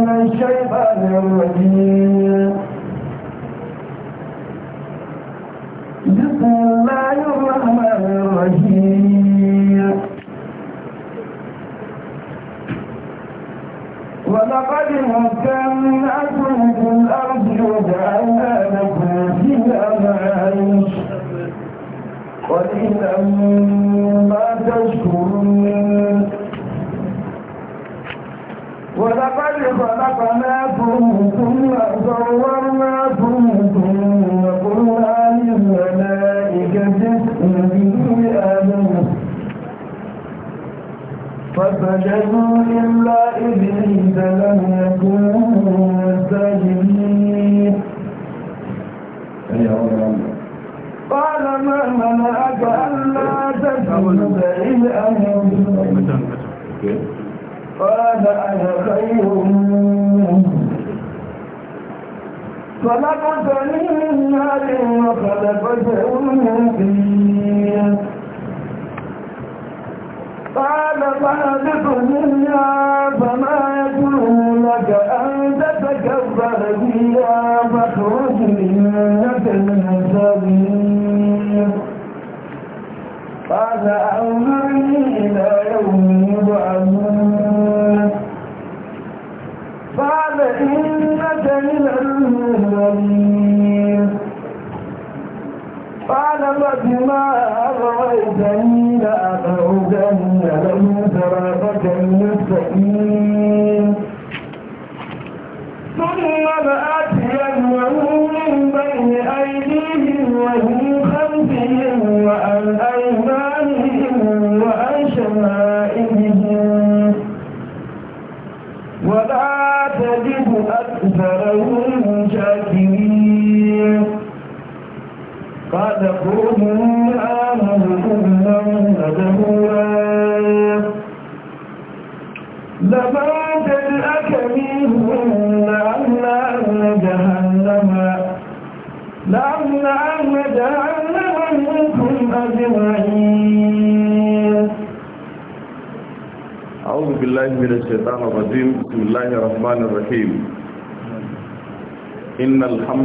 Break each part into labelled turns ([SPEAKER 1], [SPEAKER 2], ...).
[SPEAKER 1] من الشيطان الرجيم بسم الله الرحمن الرحيم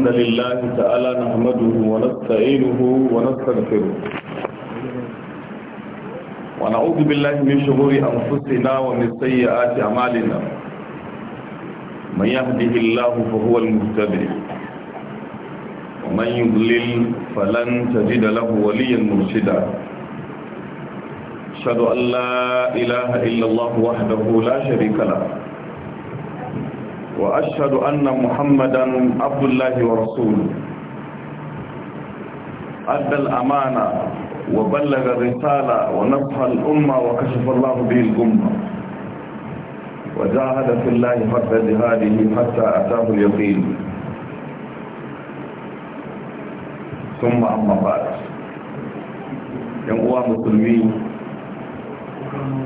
[SPEAKER 2] الحمد لله تعالى نحمده ونستعينه ونستغفره ونعوذ بالله من شرور أنفسنا ومن سيئات أعمالنا من يهده الله فهو المهتدي ومن يضلل فلن تجد له وليا مرشدا أشهد أن لا إله إلا الله وحده لا شريك له وأشهد أن محمدا عبد الله ورسوله أدى الأمانة وبلغ الرسالة ونصح الأمة وكشف الله به الأمة وجاهد في الله حق جهاده حتى أتاه اليقين ثم أما بعد ينقوى مسلمين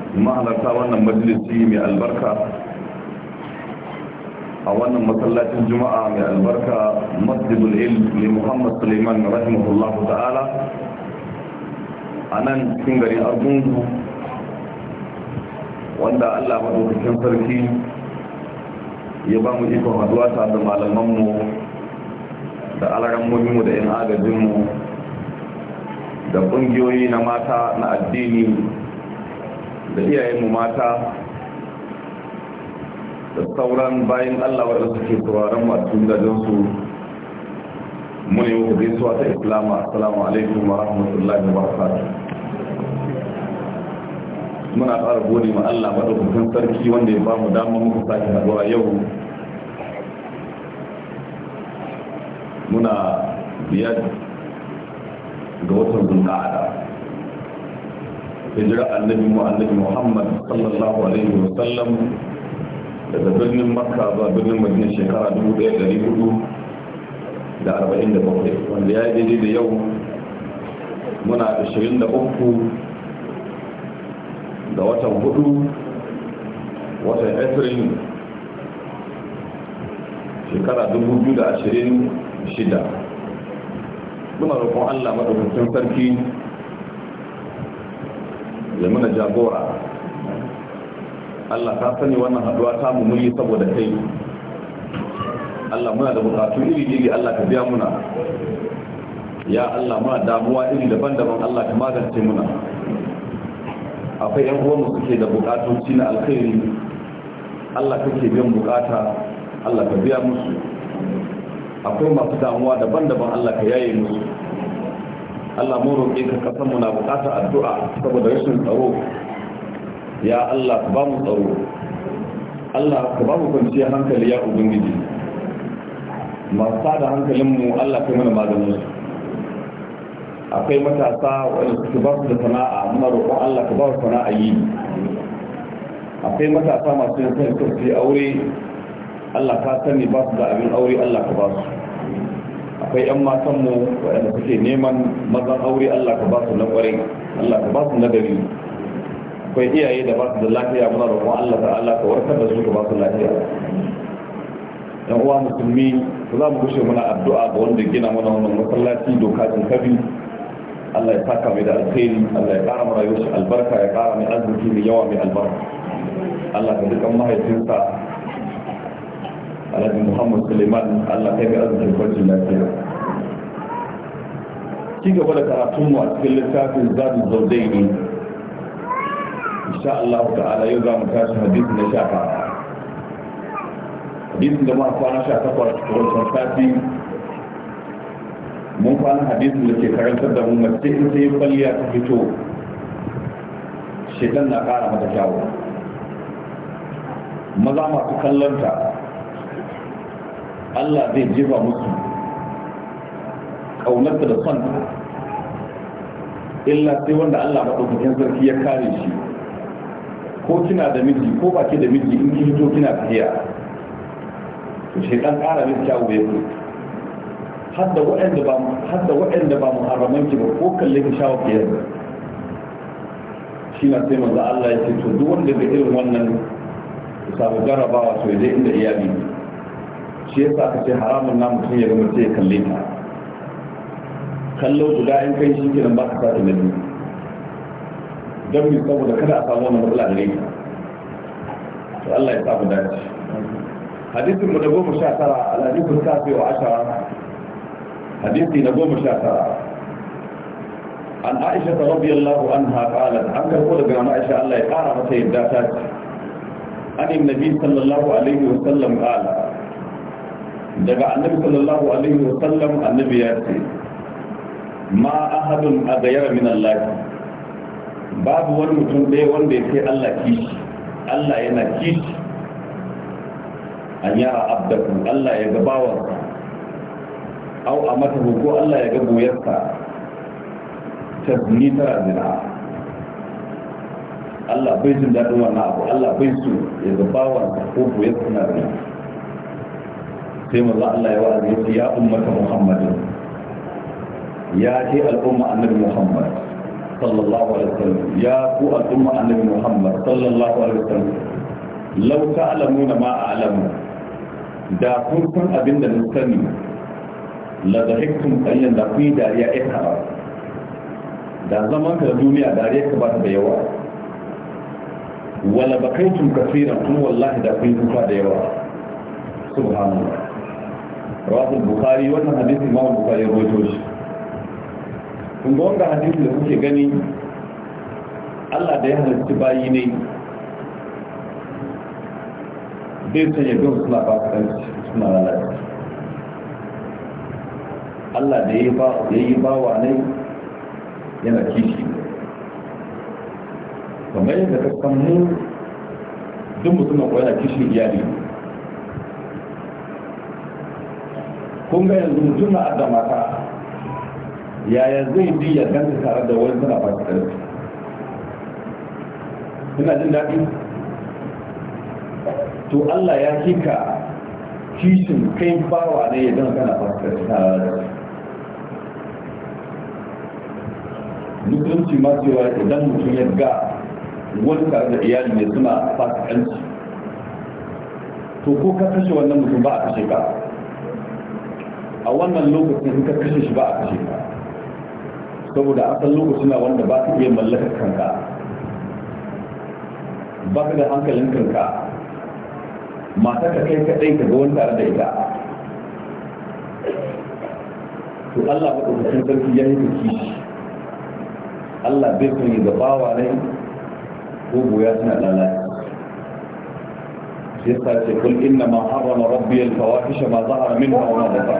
[SPEAKER 2] mahalarta تاوانا مجلسي من البركة a wannan masallacin juma'a mai albarka masjidul ilm muhammad suleiman rahimahullah ta'ala a nan cikin garin argungu wanda allah maɗaukakin sarki ya ba mu ikon haduwa ta da malamanmu da alarammominmu da 'yan agajinmu da ƙungiyoyi na mata na addini da iyayenmu mata da sauran bayan Allah wadda suke sauraron masu gidajensu mu ne muku gaisuwa ta islama assalamu alaikum wa rahmatullahi wa barakatuh muna ƙara gode ma Allah madaukakin sarki wanda ya bamu dama muku sake haɗuwa yau muna biyar ga watan zulqa'ada hijira annabi mu annabi Muhammad sallallahu alaihi wa sallam daga birnin makka zuwa birnin madina shekara 1447 wanda ya yi daidai da yau muna 23 da watan hudu watan asirin shekara 2026 muna roƙon allah maɗaukacin sarki ya muna jagora Allah ka sani wannan haduwa ta mu mun yi saboda kai Allah muna da bukatu iri iri Allah ka biya muna ya Allah muna damuwa iri daban-daban Allah ka magance muna akwai yan uwanmu suke da bukatoci na alkhairi Allah kake biyan bukata Allah ka biya musu akwai masu damuwa daban-daban Allah ka yaye musu Allah mu roƙe ka kasan mu na bukatar addu'a saboda rashin tsaro ya Allah ka ba mu tsaro Allah ka ba mu kwanciyar hankali ya ubangiji masu da hankalinmu Allah kai mana maganin akwai matasa wanda suke ba su da sana'a muna roƙon Allah ka ba su sana'a yi akwai matasa masu yin sani suka aure Allah ka sani ba su da abin aure Allah ka ba su akwai 'yan matanmu waɗanda suke neman mazan aure Allah ka ba su na ƙwarai Allah ka ba su na gari akwai iyaye da ba su da lafiya muna roƙon Allah ta'ala ka warkar da su ka ba su lafiya yan uwa musulmi za mu kushe muna addu'a ga wanda gina mana wannan masallaci doka jin kabi Allah ya saka mai da alkhairi Allah ya kara mana yusu albarka ya kara mai arziki mai yawa mai albarka Allah ka dukan mahaifinsa Alhaji Muhammad Suleiman Allah kai mai arzikin kwanci lafiya ci gaba da karatunmu a cikin littafin zaɓin ne. insha Allah ta'ala yau za mu tashi hadisi na sha fara hadisin da muka kwana sha takwas wancan sati mun kwana hadisin da ke karantar da mu mace in sai kwalliya ta fito shekan na kara mata kyawu maza masu kallonta Allah zai jefa musu ƙaunarta da son illa sai wanda Allah maɗaukakin sarki ya kare shi ko kina da miji ko ba ke da miji in ki hito kina tafiya to shi dan ƙara min kyawu bai ku hadda wa'anda ba har da waɗanda ba muharraman ki ba ko kalle ki shawo ki yanzu shi na sai manzo Allah ya ce to duk wanda da irin wannan ya samu jarabawa to dai inda iyali shi yasa ka ce haramun na mutum ya ga mutum ya kalle ta kallo guda in kai shi kiran ba ka sa ta nabi don saboda kada a samu wannan matsala gare ka to Allah ya samu dace hadisi mu da goma sha tara alhadisun fi wa ashara hadisi na goma sha tara an aisha ta rabbi allahu an haƙalar an karko daga wani aisha allah ya ƙara mata yadda ta ce an yin nabi sallallahu alaihi wa sallam qala daga annabi sallallahu alaihi wa sallam annabi ya ce ma ahadun a min allahi babu wani mutum ɗaya wanda ya kai Allah kishi Allah yana kishi an a abdaku Allah ya ga bawansa au a mata ko Allah ya ga goyarsa ta zuni tara zina Allah bai jin daɗin wannan abu Allah bai so ya ga bawansa ko goyarsa na zina sai maza Allah ya wa'azi ya ummata Muhammadin ya ce al'umma annabi Muhammad sallallahu alaihi wasallam ya ku al'umma annabi Muhammad sallallahu alaihi wasallam law ta'lamuna ma a'lamu da kun san abin da mun sani la dhahiktum qayyan da ku dariya ikra da zaman ka duniya dariya ka ba ta da yawa wala bakaitum kaseeran kun wallahi da kun kuka da yawa subhanallah rawahu bukhari wannan hadisi imam bukhari ya rawaito shi kun ga wanda hadisi da kuke gani Allah da ya halarci bayi ne bai sanya bin suna ba su suna lalata Allah da ya yi bawa ne yana kishi kamar yadda ka san mu duk mutumin ko yana kishin iyali kun ga yanzu mutum na adda yaya zai bi ya ganta tare da wani suna ba su suna jin daɗi to Allah ya kika kishin kai bawa ne ya ganta kana ba su tare da mutunci ma cewa idan mutum ya ga wani tare da iyali ne suna fasa fasikanci to ko ka kashe wannan mutum ba a kashe ka a wannan lokacin ka kashe shi ba a kashe ka saboda a lokaci na wanda ba ka iya mallaka kanka ba ka da hankalin kanka mata ka kai kaɗai ka ga wani tare da ita to Allah ba ɗaukacin sarki ya yi shi. Allah bai kun yi gabawa ne ko goya suna lalace shi yasa ce kul inna ma harrama rabbi al-fawahisha ma zahara minha wa ma batar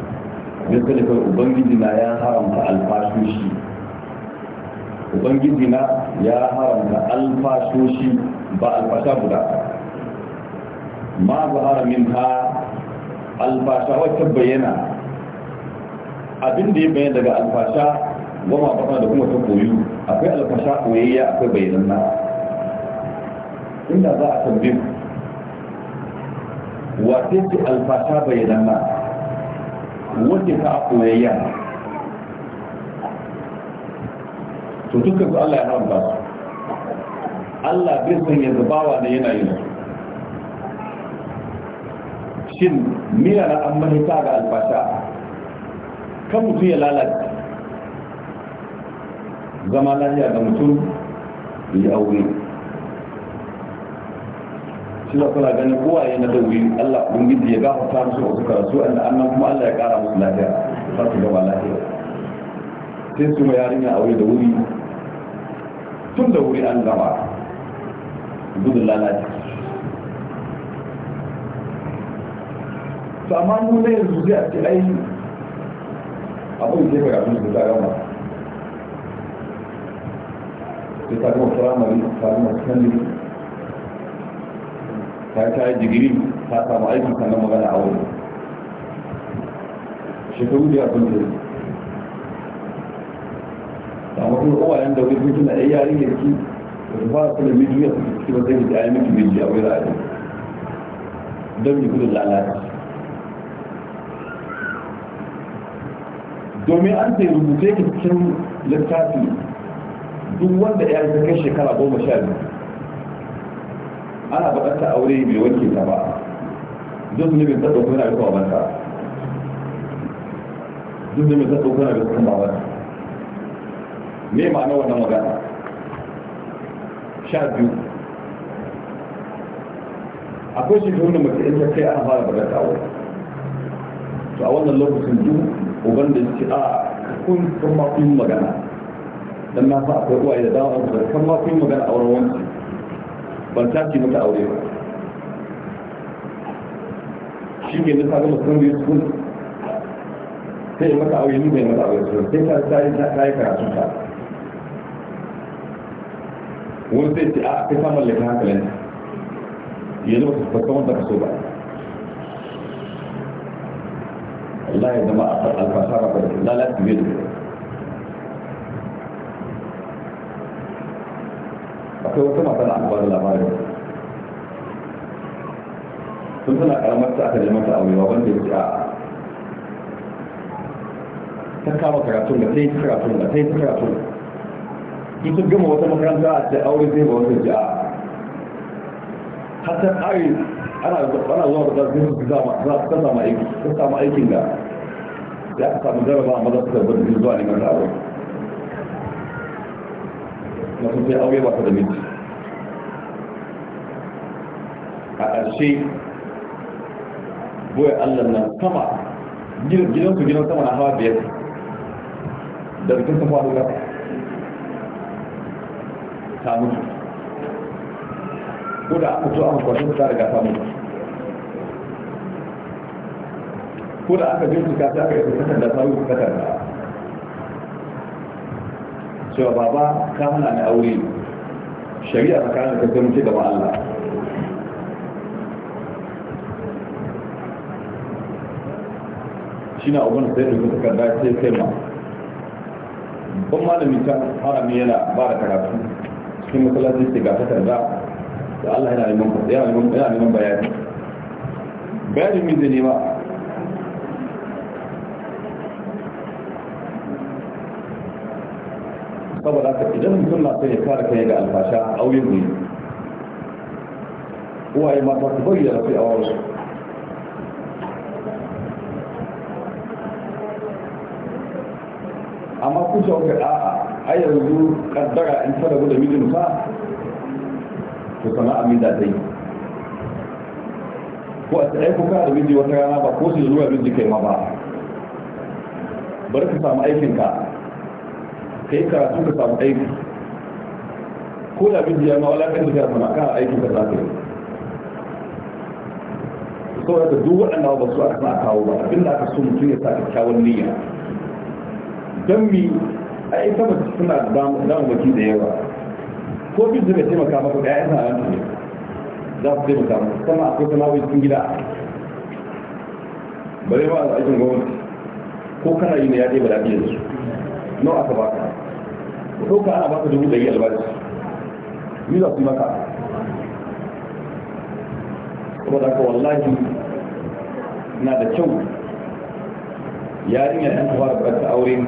[SPEAKER 2] yadda da kai ubangiji na ya haramta alfashoshi ubangiji na ya haramta alfashoshi ba alfasha guda ma zahara min ha alfasha wacce bayyana abin da ya bayyana daga alfasha goma baka da kuma ta koyu akwai alfasha koyayya akwai bayyananna inda za a tambaye wace ce alfasha bayyananna wanda ka koyayya to dukkan su Allah ya haramta su Allah bai san yanzu bawa ne yana su shin miya na an mahita ga albasha kan mutum ya lalata zama lafiya ga mutum ya aure shi za kuna ganin kowaye na dauri Allah gidi ya ta musu wasu karatu an da annan kuma Allah ya kara musu lafiya za su gaba lafiya sai su ma yarinya aure da wuri tun da wuri an gaba gudun lalaci to amma mu ne yanzu zai a ce ai abin da ya karatu su ta gama sai ta gama firamare ta gama sakandare ta ta yi digiri ta samu aiki sannan magana a wani shekaru da abin da ta mutu da uwayen da wani suna ɗaya yarin da ki da su fara suna mijiya su ciki ba zai da ayi miki mijiya wai ra'ayi don yi gudun lalata domin an sai rubuce ki cikin littafi duk wanda ya yi ta kai shekara goma sha biyu ana bukata aure mai wanke ta ba duk zunubin ta ɗauko yana bisa wabanta duk zunubin ta ɗauko yana bisa wabanta me ma'ana wannan magana sha biyu akwai shi ta wani mace in ta ana fara bukata aure to a wannan lokacin duk uban da ce a kun kuma kun magana dan na fa akwai uwaye da dama da kan ma kun magana a wurin wancan ban tashi mata aure ba shi ke nufa ga mutum yi sun sai mata aure ni bai mata aure sun sai ta ta yi ta yi karatu ta wani sai ce a kai ta mallaka hankalin yanzu ba su fasa wanda ka so ba Allah ya zama a alfasara ba da lalata biyar da akwai wata mata da aka ba labarin sun tana karamar ta aka je mata aurewa wanda ya a ta kama karatun da sai karatun da sai karatun in sun gama wata makaranta a ce aure zai ba wata ja'a hasan ari ana ana zuwa da zai samu aikin da ya samu jarraba a maza su da zuwa neman aure na aure ba ka da miji a ƙarshe boye allah nan sama su gidan sama na hawa biyar da rikin safa da ta mutu ko da aka zo a kwashe ta daga ta mutu ko da aka bincika ta aka yi da ta yi da cewa baba ka hana ni aure shari'a tsakanin ka sai da gaba Allah shi na abin sai da suka da sai sai ma ban malami ta harami yana ba da karatu cikin masallaci ce ga takarda da Allah yana neman bayani bayani mai zai nema saboda haka idan mutum na son ya kare kai ga alfasha auye ne. uwaye mata su bari da rafi a wasu amma ku ce wata a'a a yanzu kaddara in ta rabu da mijinta to sana amin da ta yi ko a tsaye kuka da miji wata rana ba ko su zuwa miji kai ma ba bari ka samu aikinka ka yi karatu ka samu aiki ko da bin jiyama wala kan da kana kan aiki ka za ka yi saboda da duk waɗanda ba su aka kawo ba abin da aka so mutum ya sa kyakkyawan niyya don mi a ita ba suna baki da yawa ko bin da bai taimaka maka da ya yana nan za su taimaka maka sama akwai sana'o'i cikin gida bare ma a aikin gwamnati ko kana yi ne ya ɗaya ba da su nawa aka baka ɗauka ana baka dubu ɗari albashi yi za su maka saboda ka wallahi na da kyau yarinya ɗan ta fara bukatar aure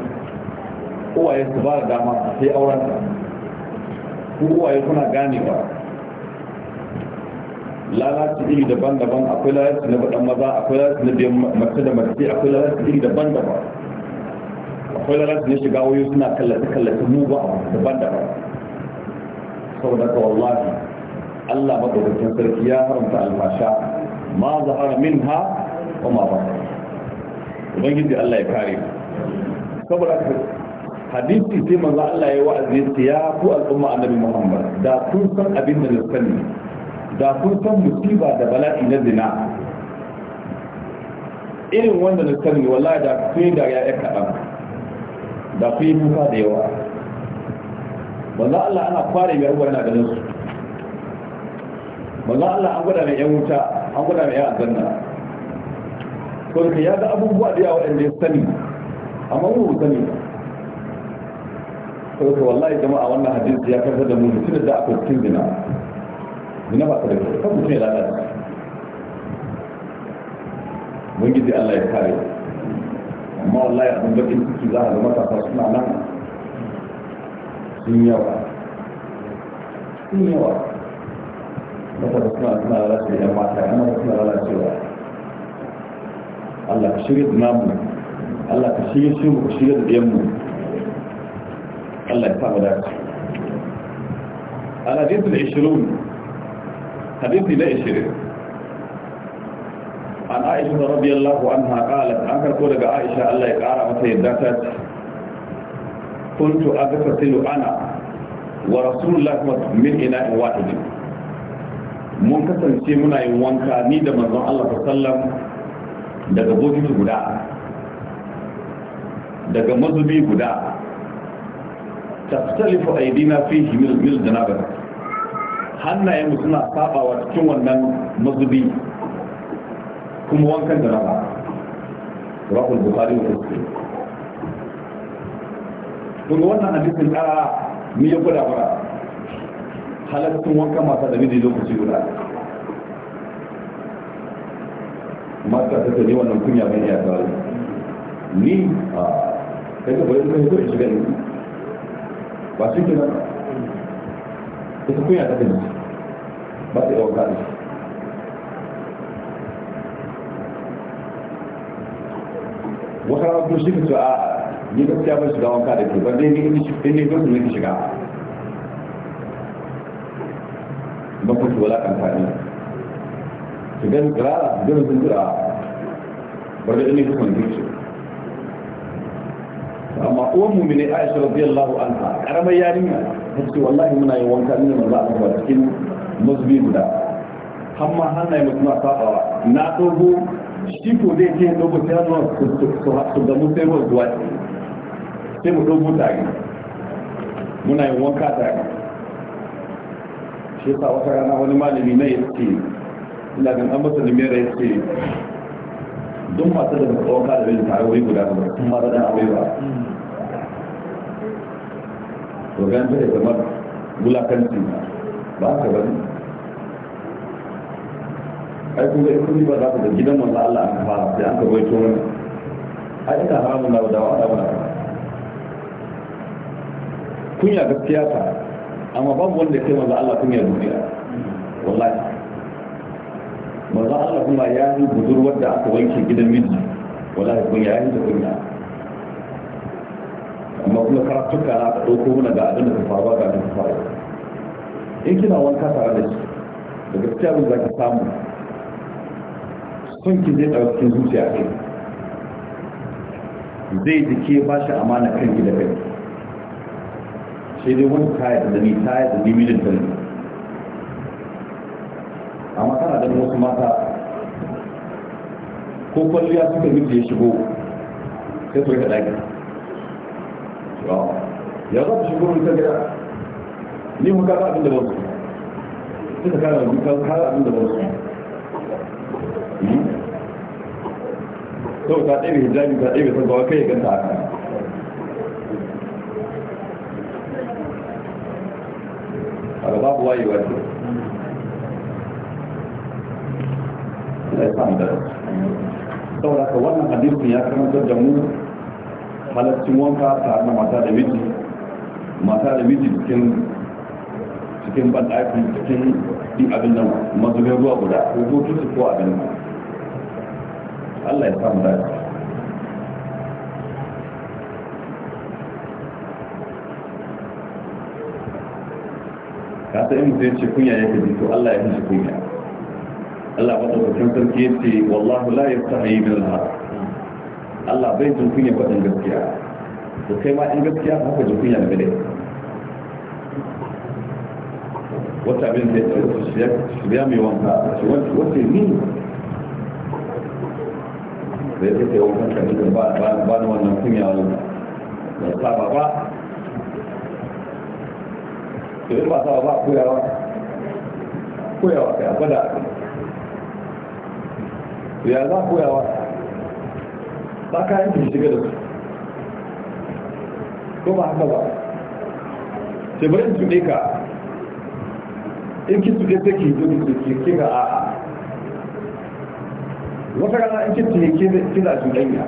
[SPEAKER 2] uwaye su ba da dama sai auren ta ku uwaye kuna ganewa lalaci iri daban-daban akwai lalaci na baɗan maza akwai lalaci na biyan mace da mace akwai lalaci iri daban-daban tolerance na shiga wayo suna kallata-kallata mugu a daban-daban saboda ka wallahi Allah maɗaukakin sarki ya haramta alfasha ma zahara min ha wa ma ba ubangiji Allah ya kare saboda ka hadisi sai manzo Allah ya wa'azi ya ku al'umma annabi Muhammad da kun san abin da na sani da kun san musiba da bala'i na zina irin wanda na sani wallahi da kun da ya kaɗan da fi nufa da yawa manzo Allah ana kware mai abubuwa yana ganin su manzo Allah an gwada mai yan wuta an gwada mai yan zanna ko da ya ga abubuwa da yawa waɗanda ya sani amma mu sani ba ko da wallahi jama'a wannan hadisi ya karfa da mu mutum da aka cikin zina zina ba ta da kyau kan mutum ya lalata mun gidi Allah ya kare mu amma wallahi a kan bakin ciki za a ga matasa suna nan sun yawa sun yawa matasa suna suna lalacewa yan mata yan mata suna lalacewa Allah ka shirya da namu Allah ka shirya shi mu ka shirya da ɗiyanmu Allah ya sa mu dace al-hadith al-20 hadithi na 20 an aisha da radiyallahu anha qalat an karko daga aisha Allah ya kara mata yadda ta kuntu agtasilu ana wa rasulullahi min wata wahidin mun kasance muna yin wanka ni da manzon Allah sallam daga bokiti guda daga mazubi guda ta taftalifu aidina fihi mil mil janaba hannayen mu suna sabawa cikin wannan mazubi kuma wankan da rana rahul bukari da su kuma wannan hadisin tsara mu ya gwada bara halattun wanka masa da miji lokaci guda mata ta ce wannan kunya bai iya tsari ni a kai ka bayan kai shi shiga ni? ba shi ke nan ita kunya ta tsaye ba ta yi wanka da shi wata rana kuma shi ka ce a ni gaskiya ban shiga wanka da ke ban dai ni ne ban ne shiga ba ku wala kan fani su gani kira gani sun kira bar da ne kuma ne amma uwan mumine Aisha radiyallahu anha karamar yarinya ta ce wallahi muna yin wanka ne manzo Allah ba cikin mazbi guda har ma hannaye mutum na sabawa na shi ko zai ce ya dogo ta ruwa su gamu sai ruwa zuwa ce sai mu dogo tare muna yin wanka tare shi yasa wata rana wani malami na ya ce ina ganin an masa limera ya ce don masu da masu wanka da bai tare wuri guda ba sun ba da dan abai ba to ganin ta da zama wulakanci ba ka bari ai kuma in kun ba za ku da gidan manzo Allah an fara sai an ka bai to wani ai ita haramun na da wa'ada ba kunya gaskiya ta amma babu wanda ya kai manzo Allah kunya duniya wallahi manzo Allah kuma ya yi budurwar da aka wanke gidan miji wallahi kunya ya yi da kunya amma kuma karatuka na ɗauko mana ga abin da ka faruwa ga abin da ka faruwa in kina wanka tare da shi da gaskiya ba za ka samu son ki zai ɗauki cikin zuciya kai zai jike ba shi amana kan ki da kai sai dai wani kaya da ni kaya da ni mijin da ni amma kana da wasu mata ko kwalliya suka da ya shigo sai su rika ɗaki ya za su shigo ta gida ni mu kara abin da ba su suka kara abin da ba su sau ta ɗaya hijabi ta ɗaya sun kai ya ganta haka a ga babu wa ce na ya samu da saboda ka wannan hadisun ya karantar da mu halaccin wanka tare da mata da miji mata da miji cikin cikin banɗaki cikin abin nan mazubin ruwa guda ko tutu ko abin nan Allah ya samu dace ka san in ce kunya ya ji to Allah ya fi kunya Allah ba ta sarki ya ce wallahu la ya yastahi min al Allah bai jin kunya faɗin gaskiya to kai ma in gaskiya haka jin kunya daga dai wata abin da ya tsaro su ya mai wanka wata ni da ya fita yawon kanka da ba da wannan kunya wani da saba ba idan ba saba ba koyawa koyawa kai a fada ya za koyawa ba kayan ki shiga da su ko ba haka ba ce bari su ɗeka in ki su take yi duk da ke kira a wata rana in ce ce kira za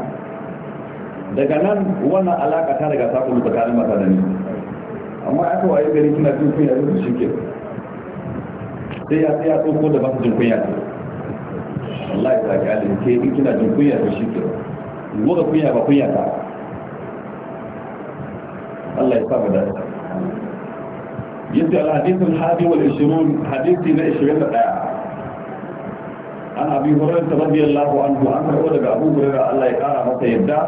[SPEAKER 2] daga nan wannan alaƙa ta daga ta kuma tsakanin mata da ni amma aka waye gari kina jin kunya da shi ke sai ya sai ya tsoko da basu jin kunya ta ya sa ga alin ke in kina jin kunya da shi ke goga kunya ba kunya ta Allah ya sa saba da yace al hadithul hadi wal 20 hadithi na 21 an abi hurairah radiyallahu anhu an karbo daga abu hurairah Allah ya kara masa yadda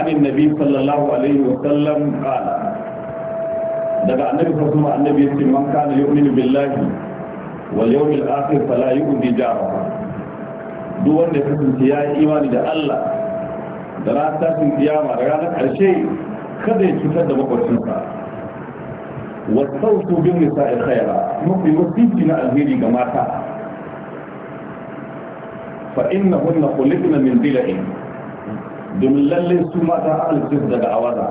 [SPEAKER 2] an annabi sallallahu alaihi wa sallam qala daga annabi ko sallallahu annabi yace man kana yu'minu billahi wal yawmil akhir fala yu'di jarahu duk wanda ya kasance ya yi imani da Allah da ranar tashin kiyama da ranar karshe kada ya cutar da makwabcinsa su bin nisa'il khaira mafi wasiti na alheri ga mata fa inna hunna khuliqna min dila'in domin lalle su mata halittu daga awaza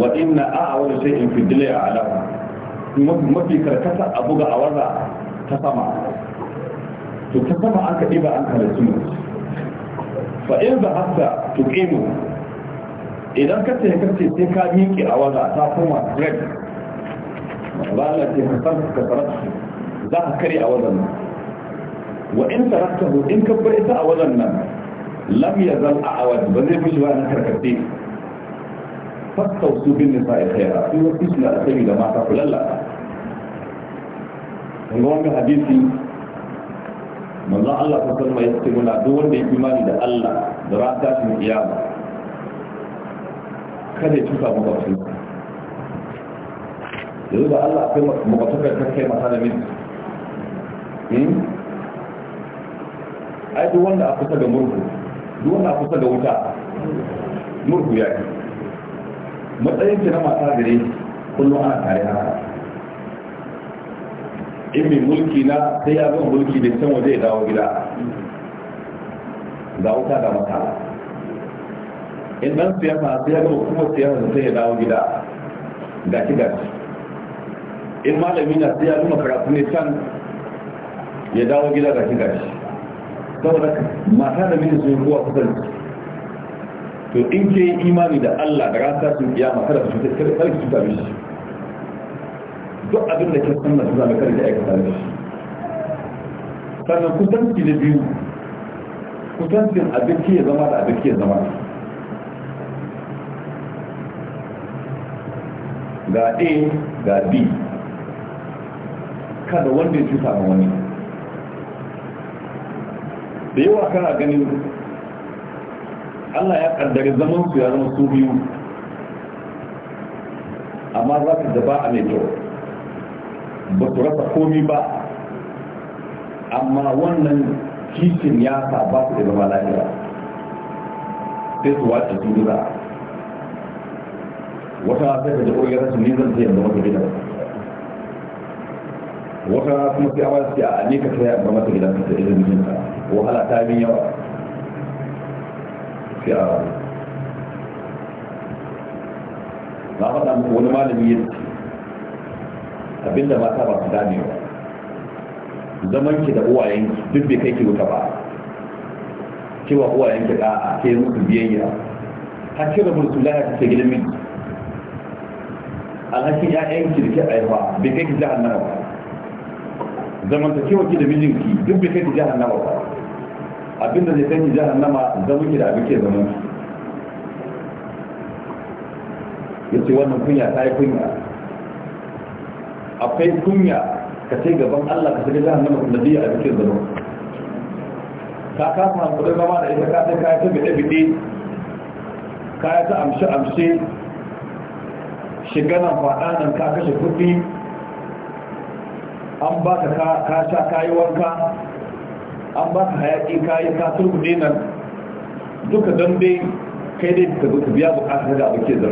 [SPEAKER 2] wa inna a'awar in fi dila'i ala mafi karkata abu ga awaza ta sama to ta sama an kaɗi ba an halittu mutu fa in ba hasa to ƙemu idan ka ce ka ce sai ka miƙe awaza ta koma red ba Allah ce ka san ka sarar za ka kare awazan nan wa in taraktahu in ka bar a wajen nan lam yazal a'awad ba zai fushi ba na karkace fastausu bin nisa'i khaira su wasu suna da sabi da mata ku lallata kun ga wannan hadisi manzo Allah ta sallama ya ce muna duk wanda ya imani da Allah da ran tashin kiyama kada ya tuka mu bakin yanzu da Allah akwai makwatokar kakkai mata da miji hmm? ai duk wanda a kusa ga murhu duk wanda a kusa ga wuta murhu ya ke matsayin ki na mata gare kullum ana tare haka in mai mulki na sai ya zama mulki da can waje ya dawo gida ga wuta ga mata in dan siyasa sai ya gama kuma siyasa sai ya dawo gida gashi gashi in malami na sai ya zama karatu ne can ya dawo gida ga gashi saboda mata da miji sun ruwa kusan, to in ke yi imani da Allah da rasa sun iya mata su ta kare kare su ta mishi duk abin da ke sanna su zama kare da aikata da shi sannan kusanci da biyu kusancin abin ke zama da abin ke zama ga a ga b kada wanda ya cuta ga wani da yawa kana ganin Allah ya kaddare zaman su ya zama su biyu amma za ka zaba a mai kyau ba su rasa komi ba amma wannan kishin ya sa ba su da zama lafiya sai su wace su wata sai ka ji ƙoƙarar su ne zan zai yanzu wata gidan wata rana kuma sai awa sai a ne ka saya ba mata gidan da irin mijin ta wahala ta min yawa sai a na faɗa muku wani malami ya ce abinda mata ba su dame ba zaman ki da uwayen duk bai kai ki wuta ba cewa uwayen ki da'a ke musu biyayya har ki da su lafiya ta gidan miji alhakin ya'yan ki da ke aiwa bai kai ki jahannama ba ke da mijinki duk bai kai ki nama ba abinda zai kai ki nama zaman ki da abin ke zaman ki ce wannan kunya ta yi kunya akwai kunya ka ce gaban Allah ka shiga nama kuma zai abin ke zaman ka kasa hankulin zama da ita ka sai kaya ta bide-bide kaya ta amshe-amshe shiga nan faɗa nan ka kashe kuɗi an ba ka kasha sha kayi wanka an ba ka hayaƙi kayi ka turbuɗe nan duka don dai kai dai ka zo ka biya bukatar da abu ke su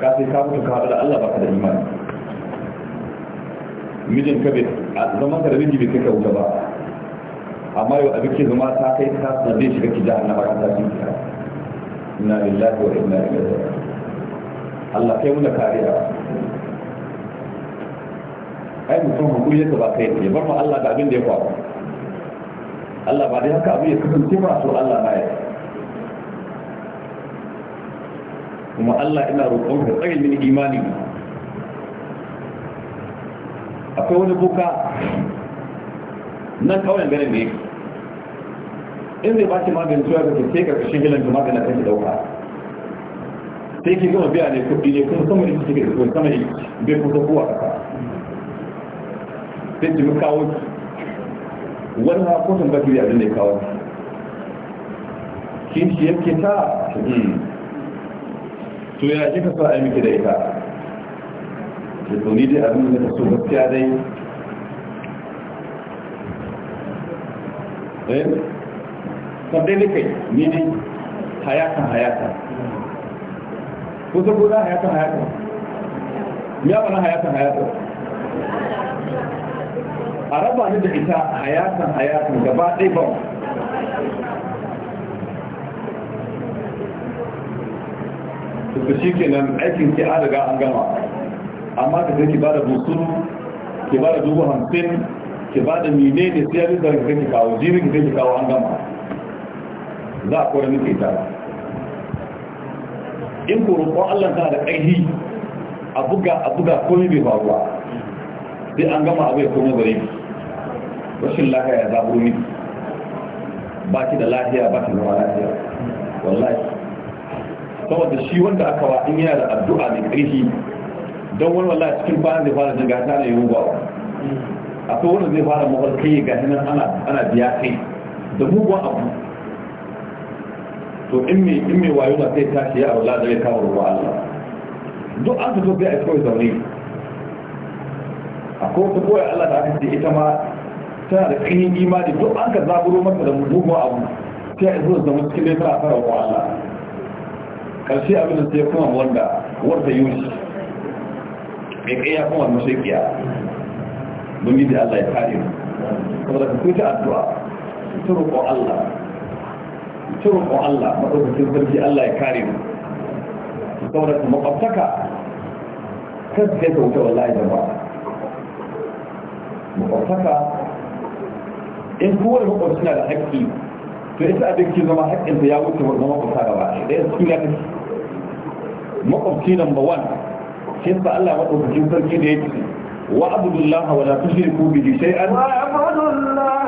[SPEAKER 2] ka sai ka mutu ka haɗu da Allah baka da imani mijin ka bai a zaman ka da bai kai ka wuta ba amma yau abu ke zama ta kai ta sanar shi kake jihar na baka tashi ta inna lillahi wa inna ilaihi Allah kai da kariya ai mutum hukuri yadda ba kai ne bar ma Allah ga abin da ya faru Allah ba dai haka abin ya kasance ba to Allah na ya kuma Allah ina roƙon ka tsaye mini imani akwai wani kuka nan kawai ganin ne in zai ba ki maganin tuwa ka sai ka kashe hilan ka maganin kan ki dauka sai ki gama biya ne kuɗi ne kuma sama ne kike da kuma sama ne bai kusa kowa kasa sai ki kawo ki wani ha kotun ba abin da ya kawo shi kin shi yake ta hmm. to ya ji ka a miki da ita da tuni da abin da ta so gaskiya dai eh kan dai kai ni dai hayatan hayatan ko ta ko hayata, hayatan hayatan ya bana hayatan hayatan a raba ni da ita hayatan hayatan gaba ɗaya ba su shi nan aikin ke an riga an gama amma ka zai ki ba da busuru ki ba da dubu hamsin ki ba da mine ne sai yadda ka ki kawo jirgin ka kawo an gama za a kore miki ita in ku roƙon allah ta da ƙarfi a buga a buga komi bai faruwa sai an gama abu ya komo gare ki rashin lahiya ya zaɓo ni ba ki da lahiya ba ki zama lahiya wallahi saboda shi wanda aka wa in yana da addu'a da ƙarfi don wani wallahi cikin bayan zai fara jirga ta ne yi ruwa ko wanda zai fara kai ga nan ana biya kai da mugu abu to in mai in wayo na sai tashi ya Allah zai kawo ruwa Allah duk an fito bai a kawai zaune akwai wata kawai Allah da aka ce ita ma tana da ƙanin imani duk an ka zaburo maka da mugun abu sai a zuwa zama cikin dai tana fara wa Allah karshe abin da sai kuma wanda wanda yushi mai kaiya kuma shekiya. don yi da Allah ya kare mu saboda ka ta addu'a ta roƙo Allah ta roƙo Allah maɗaukacin sarki Allah ya kare mu saboda ka maƙwabtaka kan sai ka wuta wallahi da ba maƙwabtaka in kowane makwabta suna da haƙƙi to yasa abin ke zama haƙƙinsa ya wuce wa zama kusa gaba ɗaya ɗaya su ya kashi makwabci number one shi yasa Allah maɗaukakin sarki da ya ce wa abdullah wa la tushriku bihi shay'an wa
[SPEAKER 1] abdullah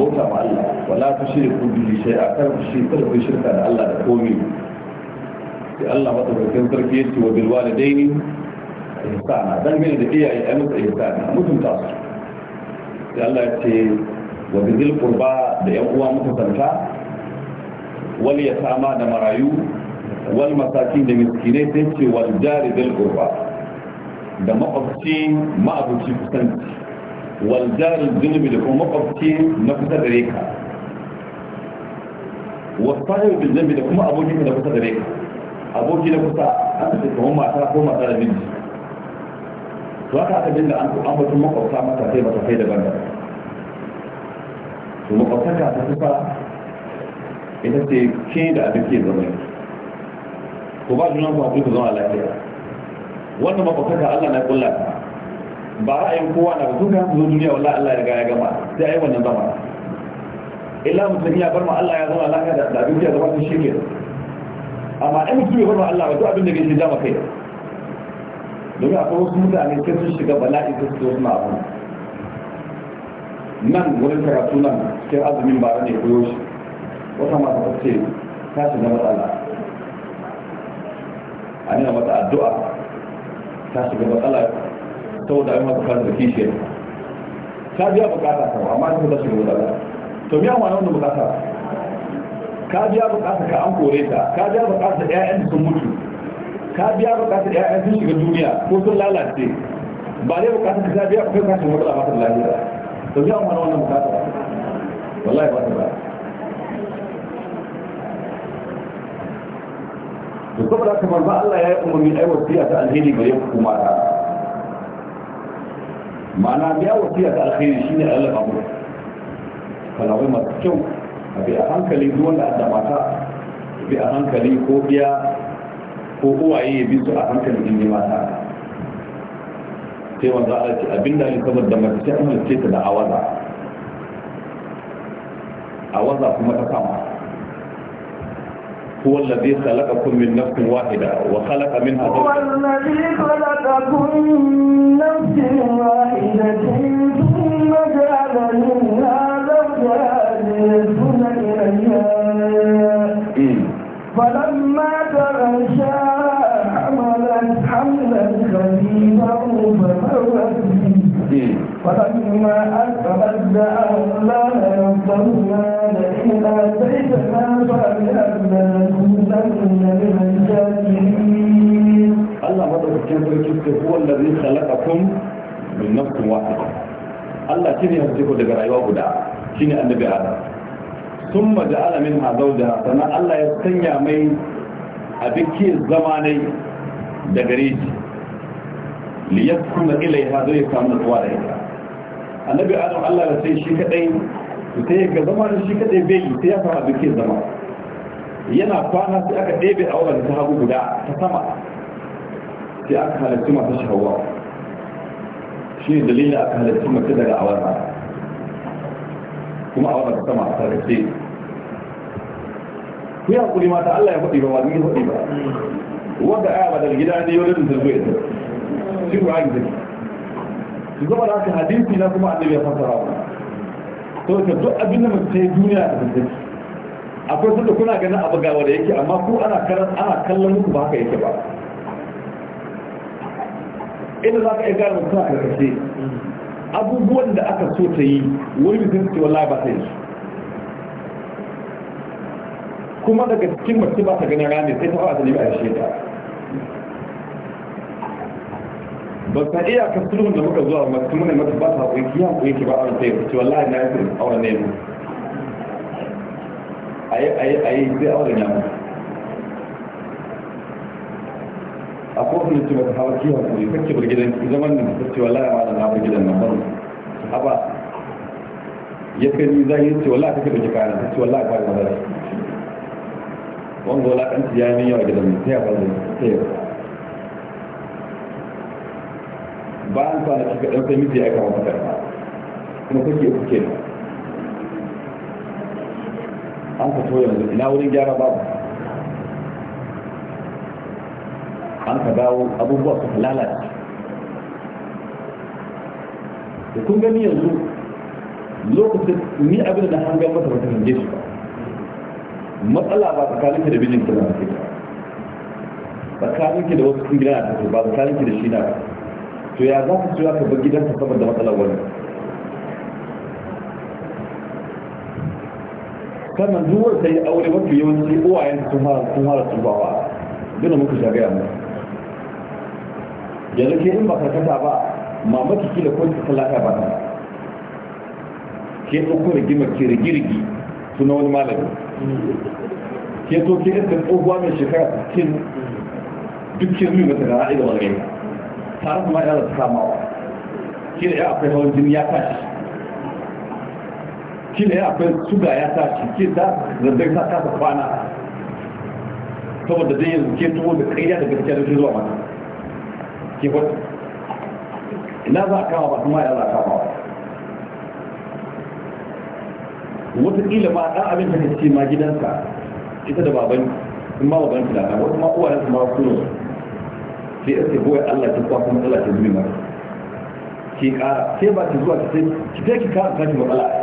[SPEAKER 2] bauta ma Allah wala tushriku bihi shay'a a ku shi kar ku shirka da Allah da komai sai Allah madaukakin sarki ya yace wa bil walidaini ihsana dan gane da iyaye a musu ihsana mutunta su sai Allah ya ce wa bil qurba da yan uwa mutunta wal yatama da marayu wal masakin da miskinai sai ce wal jari bil qurba da makwabci ma'abuci kusanci wal jarin zunubi da kuma makwabci na kusa da reka, wasu sahibin zunubi da kuma abokin na kusa da reka, aboki na kusa an ce kamar mata ko mata da miji to haka aka dinga an an batun makwabta mata sai mata sai daban da to makwabtaka ta kusa ita ce ke da abin ke zama ko ba juna ku haɗu ku zama lafiya wannan makwabtaka Allah na kulla ta ba ra'ayin kowa na batun kan zo duniya wallahi Allah ya ya gama sai ai wannan zama illa mutum ya bar ma Allah ya zama laka da abin da zama shi ke amma ai mutum ya bar ma Allah ba duk abin da ke dama kai domin akwai wasu mutane sai sun shiga bala'i sai su wasu abu nan wurin karatu nan cikin azumin bara ne koyo shi wata ta ce ta shiga matsala a nuna mata addu'a ta shiga matsala saboda ai maka kan da kishi ka biya bukata ka amma sai da shi da to me ma wannan bukata ka biya bukata ka an kore ta ka biya bukata ƴaƴan sun mutu ka biya bukata ƴaƴan sun shiga duniya ko sun lalace ba dai bukata ka biya ko ka shiga matsala ba ta lafiya to me amma wannan bukata wallahi ba ta ba to saboda kamar ba Allah ya yi umarni aiwata ta alheri gare ku kuma ta ma'ana biya wasiya ta alkhairi ne Allah abu kalawai masu kyau a biya a hankali duk wanda da mata bi a hankali ko biya ko uwaye ya bi su a hankali in mata sai wanda Allah ce abin da ne saboda mace ta amince ta da awaza awaza kuma ta kama هو الذي خلقكم من نفس واحدة وخلق منها
[SPEAKER 1] هو الذي خلقكم من نفس واحدة ثم جعل منها زوجها ليسكن إليها فلما تغشى حملت حملا خفيفا فمرت به فلما أكبرت دعا الله ربنا لئن آتيتنا Allah
[SPEAKER 2] madaukakin sarki ce ko wanda zai halaka kun min nafsin wahida Allah shine ya fito daga rayuwa guda shine annabi Adam thumma ja'ala minha zawjaha sannan Allah ya sanya mai abin ke zamanai da gare shi li yaskuna ilaiha zai samu nutsuwa da ita annabi Adam Allah ya sai shi kaɗai ta yi ga zamanin shi kaɗai bai ta ya fara abin ke zama yana kwana sai aka ɗebe auren ta hagu guda ta sama sai aka halittu masu shawar shi ne dalilin aka halittu mace daga awara kuma awara ta sama ta rike ku yi hakuri mata Allah ya faɗi ba wani ya faɗi ba wanda aya ba daga gida ne yau da zargo ya ta shi ku ayi zai su zama da haka hadisi na kuma annabi ya fasara wa to ka duk abin da mace duniya ta zai akwai sanda kuna ganin abu gawa da yake amma ku ana karan ana kallon muku ba haka yake ba inda za ka iya gane mutum a karkashe abubuwan da aka so ta yi wani mutum ce wallahi ba ta yi kuma daga cikin mutum ba ta ganin rami sai ta fara ta nemi a yashe ta ba ta iya kasurun da muka zuwa masu muna mata ba ta kunki ya kunki ba a wani sai ya ce wallahi na yi auren ne mu ayi ayi, ayi, yi zai aure na a kofin ce ba ta hawa kiwon kuri kacce bar gidan zaman da ta ce wallahi ma da na bar gidan nan baro haba ya kani za yi ce wallahi kake baki kayan ta ce wallahi kayan mazara wanda wala kan ya yi yawa gidan sai ya fara sai ya ba an kwanaki ɗan sai miji ya kama fitar kuma kake kuke ne an fito yanzu ina wurin gyara babu an ka dawo abubuwa ka lalace da kun gani yanzu lokacin ni abin da hanga masa wata hange shi ba matsala ba tsakanin ki da bijin ka ba tsakanin tsakaninki da wasu gida na tafi ba tsakanin ki da shi na ba to ya za ka ciwa ka bar gidanka saboda matsalar wani sannan duk wanda yi aure mafi yawanci uwayen sun tun sun fara tubawa dole muku shagaya mu yanzu ke in ba karkata ba mamaki kila ko ta talaka ba ta ke ɗauko rigima ke rigirgi suna wani malami ke to ke yadda tsohuwa mai shekara cikin duk ke nuna ta gara aida wani tare kuma yana ta kamawa ke da ya akwai hawan jini ya tashi shi ne akwai suga ya ta shi ke sa zanzan sa ta ta kwana saboda zai yanzu ke tuwo da kariya da gaskiya da zuwa mata ke wata ina za a kama ba kuma ya za a kama ba wataƙila ma ɗan abin da ce ma gidansa ita da baban sun ma baban ki dana wasu ma uwa ya kuma ma kuno sai ya ce boye Allah ta kwakwa matsala Allah ta zumi mara ki ƙara sai ba ki zuwa ki sai ki ta ki kara ta ki matsala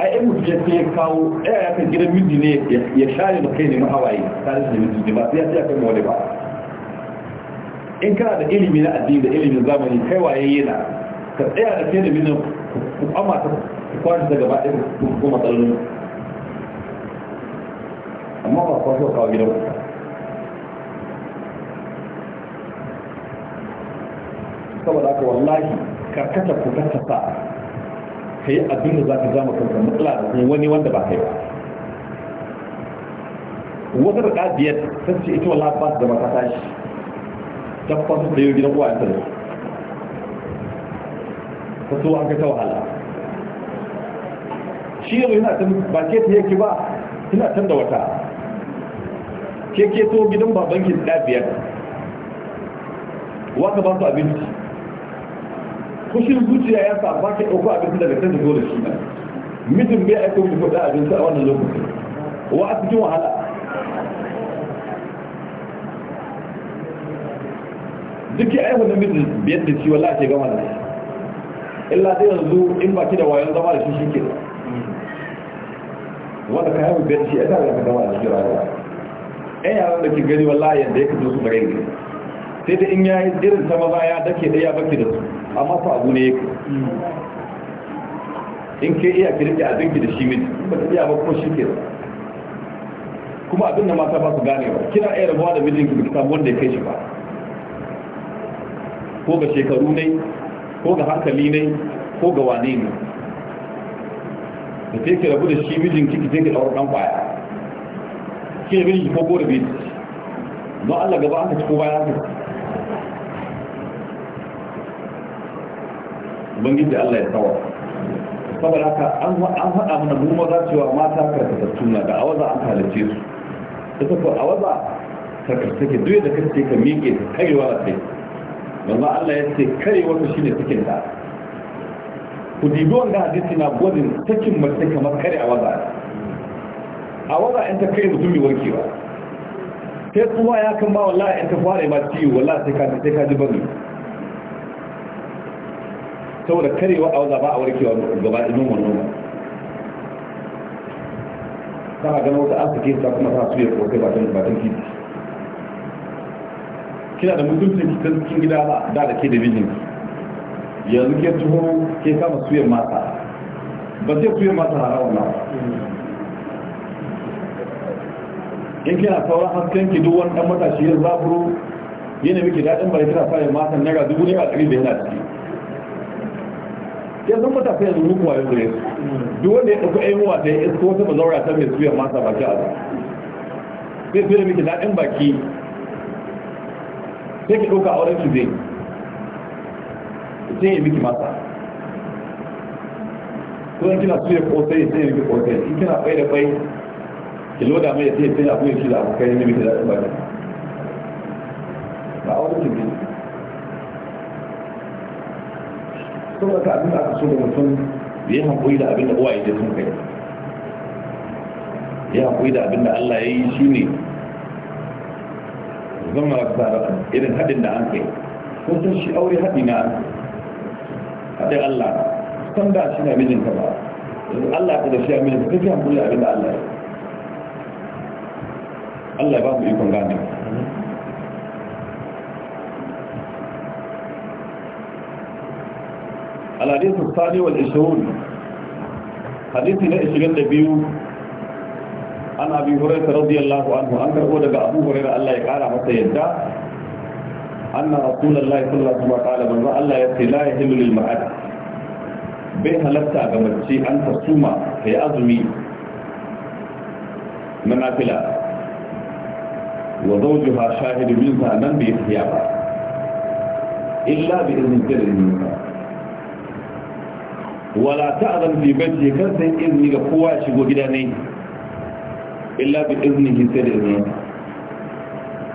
[SPEAKER 2] ai in mutum ya kawo ya kan gidan miji ne ya share da kai ne mahawaye tare da miji ne ba sai ya ce wani ba in kana da ilimi na addini da ilimin zamani kai waye yana ka tsaya da kai da mijin ku amma ta kwanta ta gaba ɗaya ku kuma matsalolin amma ba kwaso kawo gidan ku saboda haka wallahi karkata ku karkata ka yi abin da za ka zama kanka matsala da wani wanda ba kai ba wata da ƙabiyar ta ce ita wala ba da mata tashi ta fasu da yau gidan kowa ta da ta so an kai ta wahala shi yau yana can ba ke ta yake ba yana can da wata ke ke to gidan babanki da biyar waka ba su abinci kushin zuciya ya sa ba ka ɗauko abinci daga can zo da shi mijin bai aiko mu kuɗa abinci a wannan lokacin wa a cikin wahala duk ya aiko da mijin biyar da shi wallahi ke gama da shi illa dai yanzu in baki da wayan zama da shi shi ke wanda ka haifu biyar da shi ya tare da ka gama da shi rayuwa ɗan yaran da ke gani wallahi yadda ya kasu su da rai sai da in ya yi irin ta maza ya dake ɗaya baki da su amma fa abu ne yake in ke iya kirki abinki da shi miji ba ta iya ba kuma shi ke kuma abin da mata ba su gane ba kina iya rabuwa da mijinki ba ki wanda ya kai shi ba ko ga shekaru ne ko ga hankali ne ko ga wane ne da ke ki rabu da shi mijinki ki ke ki daura dan baya mijin mijinki ko gore bi don Allah gaba ka ci ko baya ci ubangiji Allah ya tsawa saboda haka an haɗa mana mu maza cewa mata karkata suna da awaza an halice su ita ko awaza take duk da kace ka miƙe ta karewa da kai manzo Allah ya ce kai wato shine cikin ta ku dibo wanda hadisi na godin cikin mace kamar kare awaza awaza in ta kai mutum bai warkewa sai kuma ya kan ba wallahi in ta fara ma ciwo wallahi sai ka sai ka ji bani saboda karewa a waza ba a warkewa gaba ɗin wannan ba ta ga wata asibiti ta kuma ta suya ko kai batun batun titi kina da mutuncin kitan cikin gida ba da da ke da bijin yanzu ke tuho ke kama suya mata ba sai suya mata rawar na in kina sauran hasken ki duk wani dan matashi ya zaburo yana miki daɗin bari kira sa yin matan naira dubu naira ɗari da yana ciki ya san matafiya yanzu muku wayo gare su duk wanda ya ɗauka ɗaya ruwa ya isko wata ba ta mai suya masa ba ta azu sai su da miki daɗin baki sai ki ɗauka auren ki zai sai ya miki masa ko in kina suya ko sai ya miki kosai in kina bai da bai ki loda mai sai ya sai abu kuma shi da abokai ne miki daɗin baki ba auren ki zai kuma ka abin da aka so da mutum da ya haƙuri da abin da uwa ya jefin kai ya haƙuri da abin da Allah ya yi shi ne zan zama da kusa irin haɗin da an kai ko sun shi aure haɗi na haɗe Allah kan da shi na mijin ka ba Allah ka da shi a mijin mijinka kake haƙuri da abin da Allah ya Allah ya ba mu ikon ganin الحديث الثاني والعشرون حديث لا إشغل نبيه عن أبي هريرة رضي الله عنه أن أقول أبو هريرة الله يقال حتى يدع أن رسول الله صلى الله عليه وسلم قال من رأى الله يبتي لا يهل للمرأة بيها لبتا قمتشي أن تصوم في أزمي منافلة وزوجها شاهد منها من بإحياء إلا بإذن الله wala ta'zan fi baiti kar sai izini ga kowa ya shigo gida ne illa bi iznihi sai da izini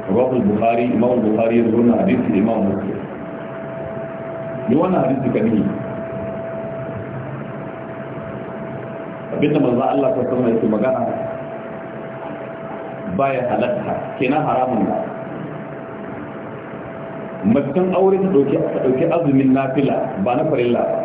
[SPEAKER 2] rawahu Buhari, imam bukhari ya na hadisi imam muslim ni wannan hadisi kanihi abinda manzo Allah ta sanar yake magana baya halatta kenan haramun da mutum aure ta dauki azumin nafila ba na farilla ba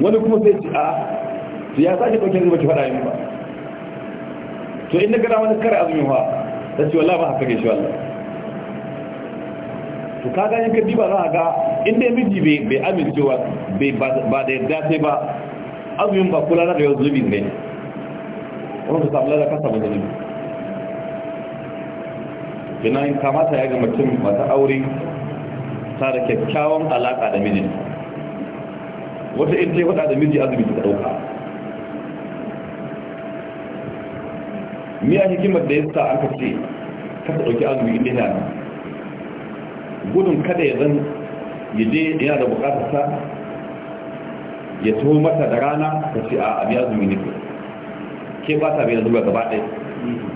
[SPEAKER 2] wani kuma sai ci a su ya sake ɗauke zuba ki faɗa yin ba to inda gada wani kare azumin wa ta ce wallah ba haka ne shi wallah to ka ga yanka ba za a ga inda ya miji bai amincewa ba da yadda sai ba azumin ba kula na da yau zubi ne wani ka samu lada kasa samu zubi kenan kamata ya ga mutum mata aure ta da kyakkyawan alaƙa da mijinta wata in ta faɗa da miji azumi ta ɗauka miya hikimar da ya sa aka ce ka ta ɗauki azumi inda yana gudun kada ya zan ya je yana da buƙatar sa ya tuhu mata da rana ka ce a abi azumi ne ke ba ta bai na zuba gaba ɗaya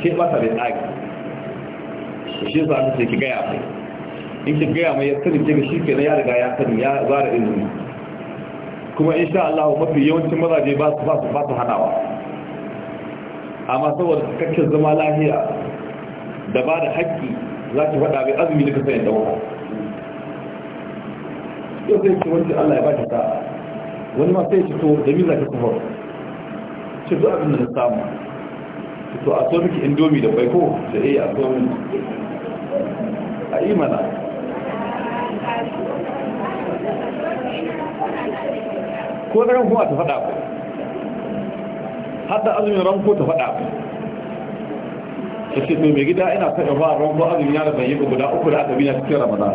[SPEAKER 2] ke ba ta bai tsaki da shi za aka ce ki gaya mai in ki gaya mai ya sani ke shi ke na ya riga ya sani ya zara izini kuma insha Allah mafi yawancin mazaje ba su ba su ba su hadawa amma saboda kakkin zama lahiya da ba da haƙƙi za ki faɗa mai azumi duka sayan wata yau zai ce wancan Allah ya ba ta sa'a wani ma sai ci to da mi za ka kuma ce to abin da na samu to a so miki indomi da baiko da iya a so a imana ko na kuma ta faɗa ku har da azumin ranko ta faɗa ku ta ce to mai gida ina taɓa ba ranko azumin ya da ban yi guda uku da aka bi na cikin ramadan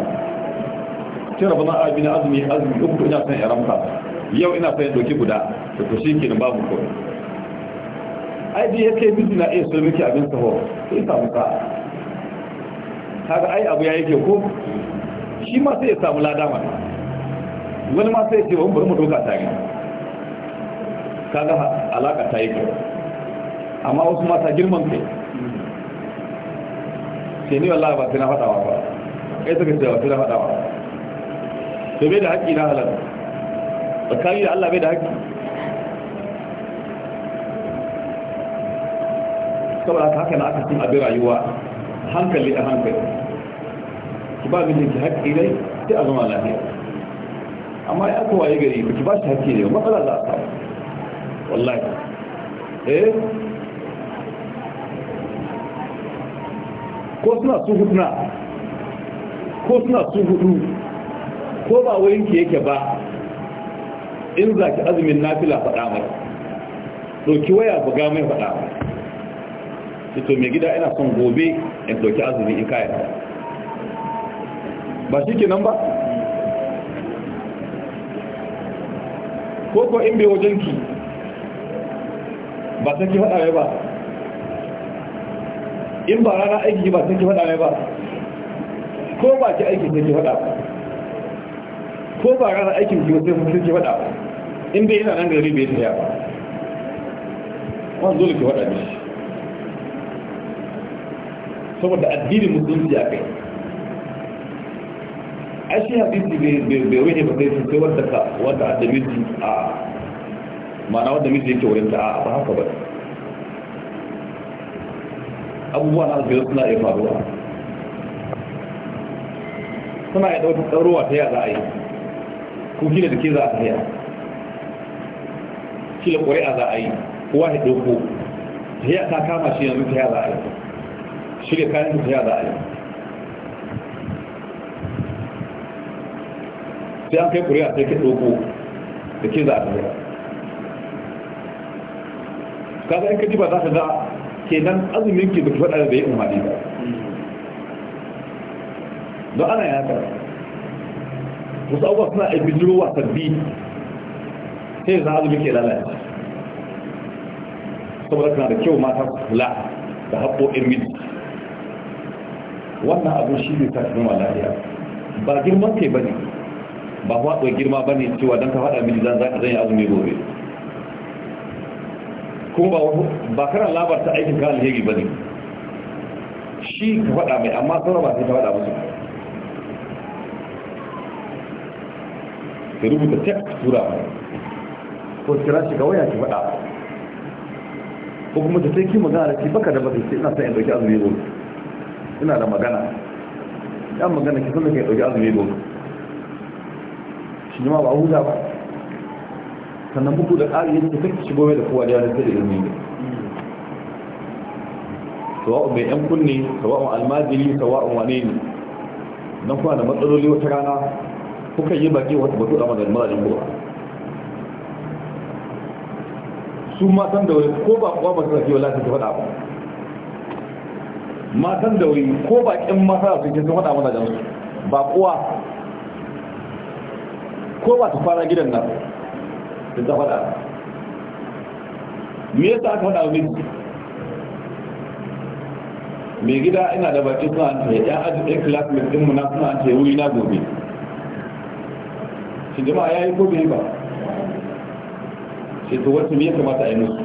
[SPEAKER 2] cikin ramadan a bi na azumin uku ina son ya ramka yau ina son ya doki guda da to shi kenan babu ko ai bi yake miji na iya so miki abin saho sai samu ka kaga ai abu ya yake ko shi ma sai ya samu lada mana wani ma sai ya ce wani bari mu ta tare kaga alaka ta yi kyau amma wasu mata girman kai ke ni wallahi ba sai na faɗawa ba kai suka ce ba sai na faɗawa to bai da haƙi na halar tsakani da Allah bai da haƙi saboda haka haka na aka cin abin rayuwa hankali a hankali ki ba mijinki haƙi dai sai a zama lafiya amma ya kowa yi gari ki ba shi haƙi ne matsala za a samu wallahi eh ko suna su hudna ko suna su hudu ko ba wayinki yake ba in za ki azumin nafila faɗa mai ɗauki waya buga mai faɗa mai to mai gida ina son gobe in ɗauki azumi in kayan ba shi ke nan ba ko ko in bai wajenki ba sai ki faɗa mai ba in ba rana aiki ba sai ki faɗa mai ba ko ba ki aiki sai ki faɗa ko ba rana aikin ki sai sai ki faɗa in bai yana nan gari bai tsaya ba wannan da ki faɗa mishi saboda addinin musulunci a kai ashe hadisi bai wani ba sai kai wanda ka wanda addabinci a ma'ana wanda miji yake wurin ta'a ba haka ba abubuwa na alfiyar suna iya faruwa suna iya ɗauki ɗaruwa ta yaza a yi ko da ke za a taya shi da ƙuri'a za a yi kowa ya ɗauko ta yaya ta kama shi yanzu ta yaza a yi shirya kayan ta yaza a yi sai an kai ƙuri'a sai ke ɗauko da ke za a taya kaga in ka ji ba za ka ga kenan azumin ke da faɗa da ya umarni ba don ana ya haka wasu abubuwa suna ibijirowa sabbi sai yanzu azumi ke lalata saboda kana da kyau mata kula da haɓo irmin wannan abu shi ne ta zama lafiya ba girman kai ba ne ba faɗo girma ba ne cewa don ka faɗa miji zan yi azumi gobe ko ba ba kana ta aikin kan alheri ne shi ka faɗa mai amma sauran ba sai ta faɗa musu ka rubuta tek tura mai ko kira shi ga waya ki faɗa ko kuma ta sai ki magana da ki baka da mafi ina sa in ɗauki azumi gobe ina da magana ya magana ki sun da ka ɗauki azumi gobe shi ma ba huda ba sannan buku da ƙari yadda kake shigo mai da kowa da yanar da ilimi ne sawa'un mai yan kunne sawa'un almajiri sawa'un wane ne nan kuma da matsaloli wata rana kuka yi baki wata batu da madadin madadin buwa su matan da wuri ko ba kuwa ba su zafi wala ta faɗa ba matan da wuri ko ba ƙin mata su ke kinsu faɗa madadin su ba kuwa ko ba su fara gidan nan da ta faɗa me yasa aka faɗa miki mai gida ina da baki suna an ya aji ɗan classmate ɗin na suna wuri na gobe shi jama'a ya yi ko bai ba shi to wacce me ya kamata a yi musu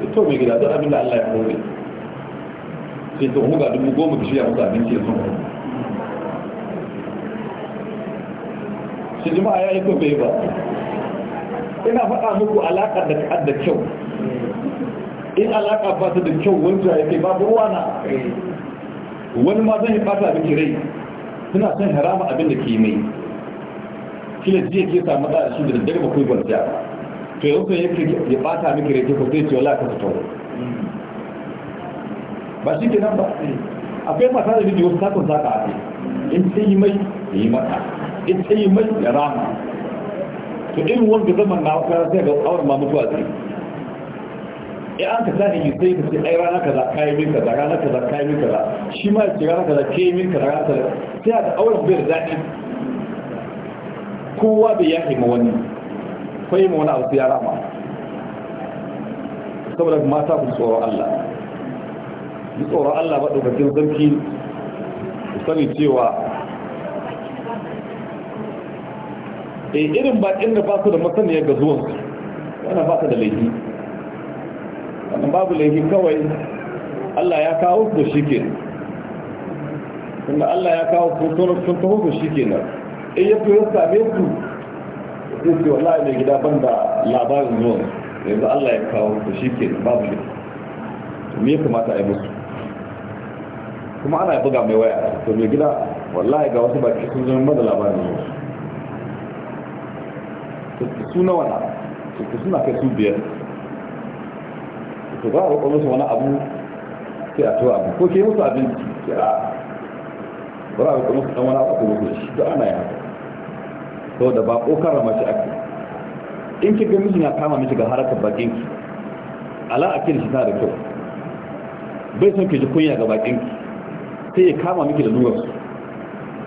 [SPEAKER 2] shi to mai gida don abin da Allah ya kore shi to mu dubu goma ki musu abinci ya sun shi jama'a ya yi ko bai ba ina faɗa muku alaƙa da ka da kyau in alaƙa ba ta da kyau wanda ya ke babu ruwa na wani ma zan yi fata da kirai suna son harama abin da ke mai kila jiya ke samu da shi da daddare ba kai gwarja to yanzu ya ke ya fata miki rai ko sai ce wala ka fito ba shi ke nan ba akwai mata da bidiyo sakon kun saka a in sai yi mai ya yi mata in sai yi mai ya rama to in wanda zaman na wata sai ga kawar ma mutuwa ce ya e, an ka sani yi sai ka ce ai rana kaza kayi min kaza rana kaza kayi min kaza shi ma ce rana kaza kayi min kaza rana kaza sai a ga bai da daɗi kowa bai yaƙi ma wani ko yi ma wani abu sai ya rama saboda mata ku tsoron Allah ku tsoron Allah maɗaukakin zarki ku sani cewa eh irin baƙin da ba su da masaniyar ga zuwan su wannan ba su da laifi wannan babu laifi kawai Allah ya kawo su shi ke wanda Allah ya kawo su sun taho su shi ke nan in ya fiye same su zai ce wallahi mai gida ban da labarin zuwan yanzu Allah ya kawo su shi ke nan babu laifi me ya kamata a yi musu kuma ana buga mai waya to mai gida wallahi ga wasu baki sun zama da labarin zuwan su nawa na su suna kai su biyar su ba a roƙon musu wani abu sai a tuwa abu ko ke musu abinci ke a ba a roƙon musu wani abu ko musu shi da ana yi haka sau da ba ƙoƙarar mace ake in ki ga miji kama miji ga harakar bakin ki ala a kin shi na da kyau bai san ki ji kunya ga bakin ki sai ya kama miki da lugar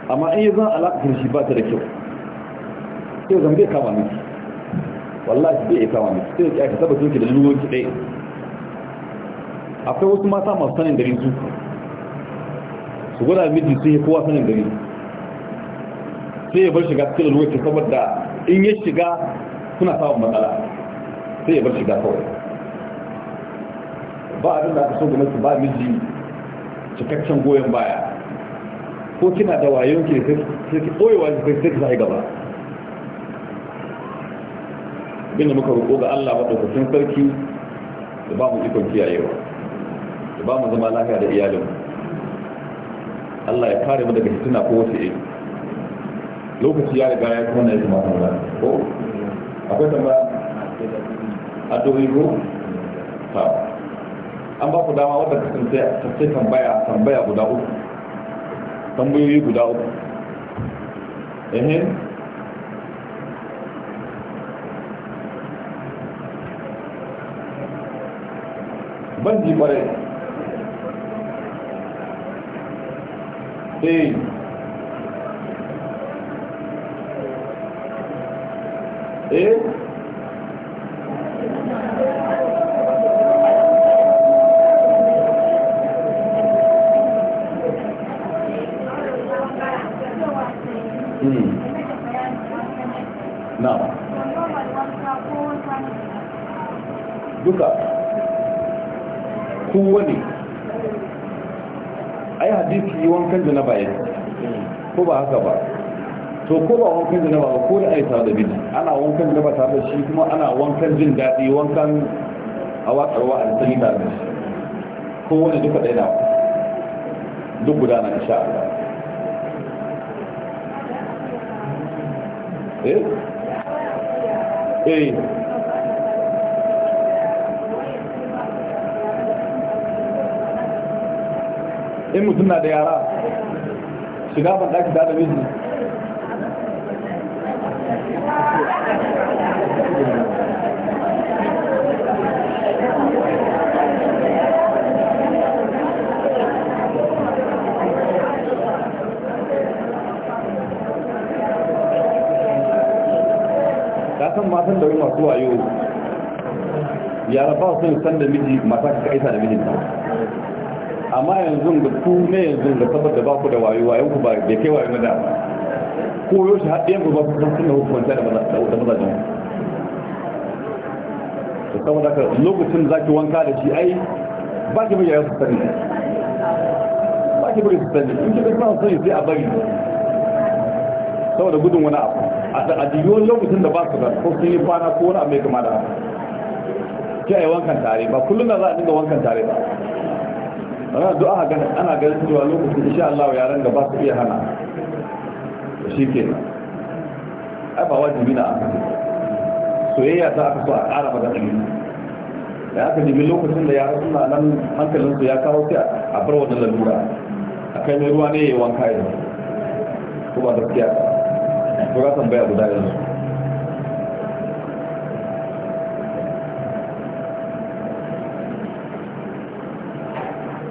[SPEAKER 2] amma in ya zan alaƙa kin shi ba ta da kyau sai zan bai kama miki wallahi bai kama miki sai ki aka tabbata miki da lugon ki dai akwai wasu mata masu sanin gari su su gwada miji sun yi kowa sanin gari sai ya bar shiga cikin lokaci saboda in ya shiga suna samun matsala sai ya bar shiga kawai ba abin da aka so gwamnati ba miji cikakken goyon baya ko kina da wayon ki sai ki koyewa sai ki sai gaba abinda muka roƙo ga Allah dokokin sarki da ba mu ikon kiyayewa da ba mu zama lafiya da iyalin Allah ya kare mu daga fitina ko wace iri lokaci ya riga ya kuma na yi kamata mu ko akwai tambaya dori ko ta an ba ku dama wadda kasance kasance tambaya tambaya guda uku tambayoyi guda uku ehem banji ji kwarai eh ko ba haka ba to ko ba wankan da ba ko da ai ta da bin ana wankan da ba da shi kuma ana wankan jin daɗi wankan hawa tsarwa a tsani tare da shi ko wani duka ɗaya na duk guda na insha Allah eh eh in mutum na da yara shiga ban ɗaki da adamin ne san matan da wani masu wayo yara ba su san da miji mata ka aita da mijinta amma yanzu da ku ne yanzu da saboda ba ku da wayo wayo ku ba da kai wayo na da ko yoshi haɗe ku ba ku san suna hukunta da mazajen to saboda ka lokacin za ki wanka da shi ai ba ki buga su sani ba ki buga su sani in ki bisa sani sai a bari saboda gudun wani abu a ta'adiyyar lokacin da ba su da ko sun yi kwana ko wani abu mai kama da haka ki a yi wankan tare ba kullum na za a dinga wankan tare ba ranar du'a ganin ana ganin cewa lokacin insha Allah yaran da ba su iya hana shi ke ai ba wajibi na aka soyayya ta aka so a ƙara ba da ɗari da aka jibi lokacin da yara suna nan hankalinsu ya kawo sai a bar wani lalura a kai mai ruwa ne ya wanka yanzu ko ba gaskiya ko ka tambaya guda yanzu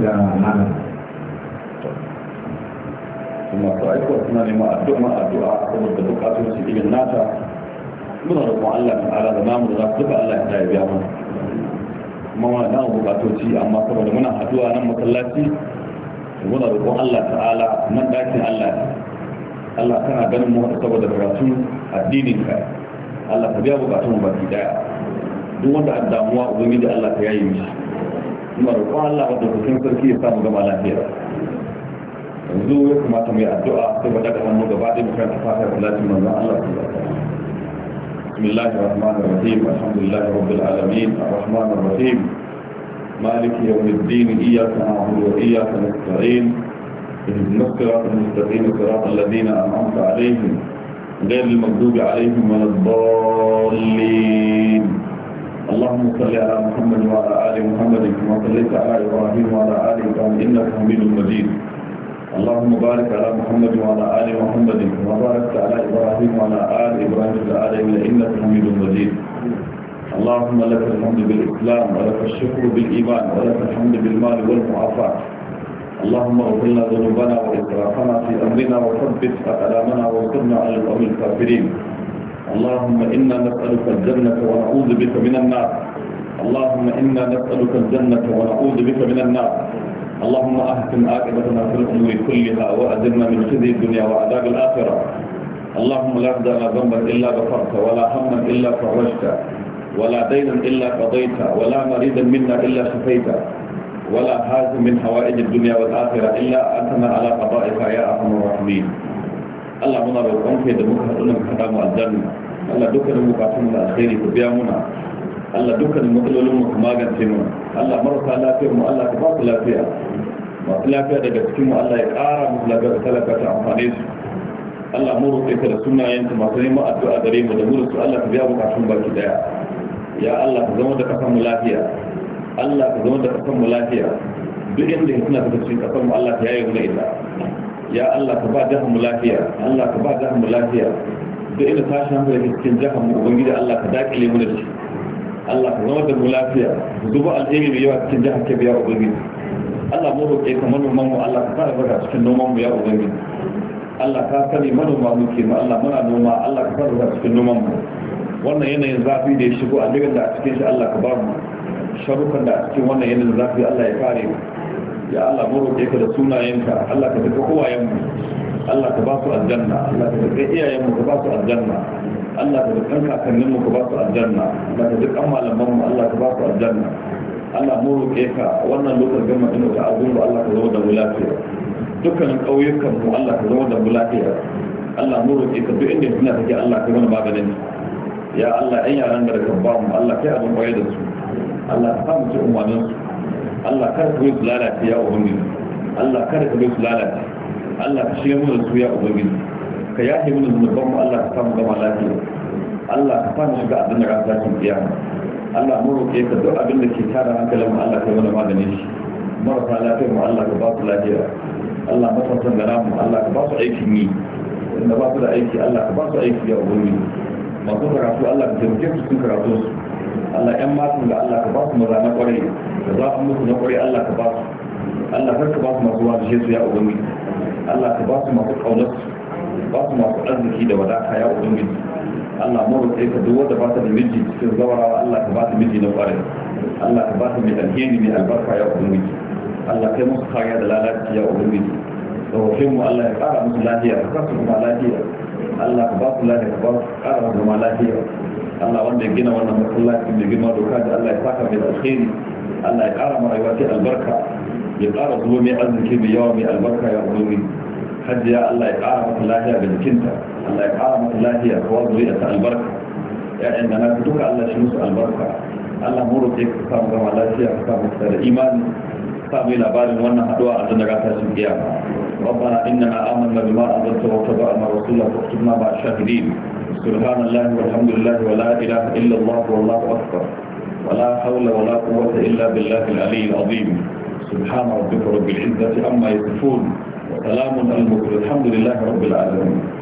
[SPEAKER 2] ga malam kuma su aiko suna nema addu'a ma addu'a saboda bukatun su irin nata muna da kuma Allah ta'ala da namu da zasu duka Allah ya biya mana kuma muna da bukatoci amma saboda muna haduwa nan masallaci muna da kuma Allah ta'ala nan dakin Allah Allah kana ganin mu saboda karatun addinin ka Allah ta biya bukatun baki daya duk wanda an damuwa ubangiji Allah ta yayi mishi muna roƙon Allah wadda kusan sarki ya samu gama lafiya yanzu ya kamata mu yi addu'a sai mu daga hannu gaba ɗaya mu karanta fatar salatin manzon Allah بسم الله الرحمن الرحيم الحمد لله رب العالمين الرحمن الرحيم مالك يوم الدين إياك نعبد وإياك نستعين اهدنا الصراط المستقيم صراط الذين أنعمت عليهم غير المغضوب عليهم ولا الضالين اللهم صل على محمد وعلى آل محمد كما صليت على إبراهيم وعلى آل إبراهيم إنك حميد مجيد اللهم بارك على محمد وعلى آل محمد كما باركت على إبراهيم وعلى آل إبراهيم في العالمين إنك حميد مجيد اللهم لك الحمد بالإسلام ولك الشكر بالإيمان ولك الحمد بالمال والمعافاة اللهم اغفر لنا ذنوبنا وإسرافنا في أمرنا وثبت أقدامنا وانصرنا على القوم الكافرين اللهم إنا نسألك الجنة ونعوذ بك من النار اللهم إنا نسألك الجنة ونعوذ بك من النار اللهم أهتم عاقبتنا في الأمور كلها وأجرنا من خزي الدنيا وعذاب الآخرة اللهم لا تدع لنا ذنبا إلا غفرت ولا هما إلا فرجته ولا دينا إلا قضيته ولا مريضا منا إلا شفيته ولا حاز من حوائج الدنيا والآخرة إلا أنتنا على قضائك يا أرحم الراحمين Allah muna roƙon kai da muka haɗu nan ka mu aljanna Allah dukkanin bukatun da alkhairi ku biya muna Allah dukkanin matsalolin mu magance mu Allah marasa lafiyar mu Allah ka ba su lafiya masu lafiya daga cikin mu Allah ya ƙara musu lafiyar talaka ta amfane su Allah mu roƙe ka da sunayenka masu neman addu'a gare mu da mu su Allah ka biya bukatun baki daya ya Allah ka zama da kasan mu lafiya Allah ka zama da kasan mu lafiya duk inda ya suna kasance kasan mu Allah ka yaye mu da ita ya Allah ka ba jihar mu lafiya Allah ka ba jihar mu lafiya duk ina tashin hankali ke cikin jihar mu ubangiji Allah ka dakile mu da shi Allah ka zama da mu lafiya zuba alheri mai yawa cikin jihar ke biya ubangiji Allah mu roƙe ka manoman mu Allah ka fara baka cikin noman mu ya ubangiji Allah ka sani manoma muke mu Allah muna noma Allah ka fara baka cikin noman mu wannan yanayin zafi da ya shigo a da a cikin shi Allah ka ba mu sharukan da a cikin wannan yanayin zafi Allah ya kare mu ya Allah mu roƙe ka da sunayenka Allah ka tafi kowayen mu Allah ka ba su aljanna Allah ka tafi iyayen mu ka ba su aljanna Allah ka tafi kakannin mu ka ba su aljanna Allah ka tafi malaman mu Allah ka ba su aljanna Allah mu roƙe ka wannan lokacin gama ina ta azumba Allah ka zama da mu lafiya dukkanin ƙauyukan mu Allah ka zama da mu lafiya Allah mu roƙe ka duk inda suna take Allah ka mana maganin ya Allah ɗan yaran da ka ba mu Allah kai abin koyar da su Allah ka sa mu ci umarninsu. Allah kar ka bai su lalace ya ubangiji Allah kar ka bai su lalace Allah ka shiga mana su ya ubangiji ka yafe mana zunuban mu Allah ka samu gama lafiya Allah ka fara shiga a zanar rasa cikin kiyama Allah mu roƙe ka duk abin da ke tara hankalin mu Allah kai yi mana maganin shi marasa lafiyar mu Allah ka ba su lafiya Allah matasan da namu Allah ka ba su aikin yi inda ba su da aiki Allah ka ba su aiki ya ubangiji masu karatu Allah ka taimake su cikin su. Allah ɗan masu da Allah ka ba su maza na ƙwarai da za su mutu na ƙwarai Allah ka ba su Allah ka ba su masu wa su ya ubangiji Allah ka ba su masu ƙaunar su ba su masu arziki da wadata ya ubangiji Allah mu roƙe ka duk wanda ba ta da miji cikin zawarawa Allah ka ba ta miji na ƙwarai Allah ka ba su mai alheri mai albarka ya ubangiji Allah kai musu kariya da lalaci ya ubangiji tsofin mu Allah ya ƙara musu lafiya ka kasu kuma lafiya Allah ka ba su lafiya ka ba su ƙara musu lafiya Allah wanda ya gina wannan masallaci mai girma doka da Allah ya saka mai alkhairi Allah ya ƙara mara yawa albarka ya ƙara zuwa mai arziki mai yawa mai albarka ya umarni hajjiya Allah ya ƙara mata lafiya ga jikinta Allah ya ƙara mata lafiya kawai zuriya ta albarka ya'yan da na duka Allah shi musu albarka Allah mu roƙe ka samu gama lafiya ka samu da imani sa mai labarin wannan haɗuwa a zandaga tashin kiyama ربنا إننا آمنا بما أنزلت واتبعنا رسولك واكتبنا مع الشاهدين سبحان الله والحمد لله ولا إله إلا الله والله أكبر ولا حول ولا قوة إلا بالله العلي العظيم سبحان ربك رب العزة عما يصفون وسلام على المرسلين الحمد لله رب العالمين